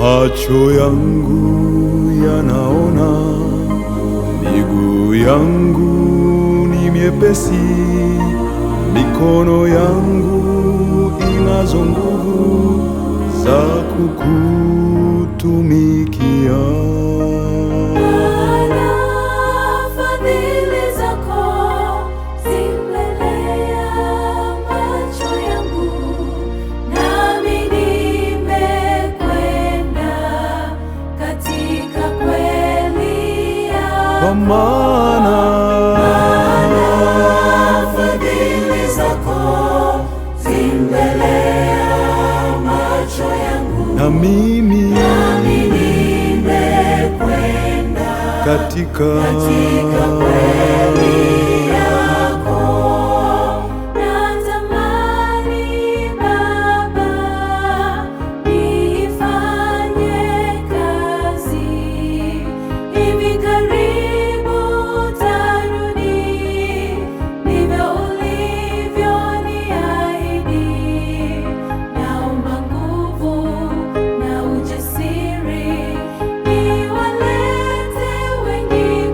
Macho yangu yanaona miguu yangu ni miepesi, mikono yangu inazo nguvu za kukutumikia. Mana, fadhili zako zimbelea macho yangu, na mimi nimekwenda katika, katika kweli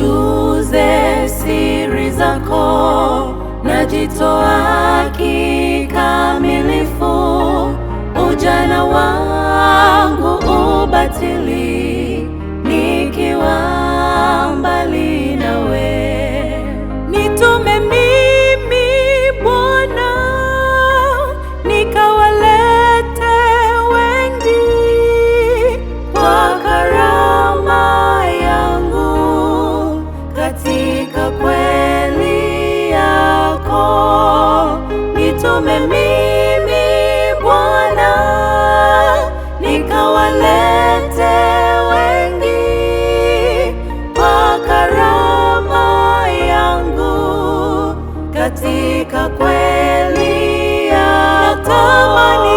nijuze siri zako, najitoa kikamilifu ujana wangu kweli yako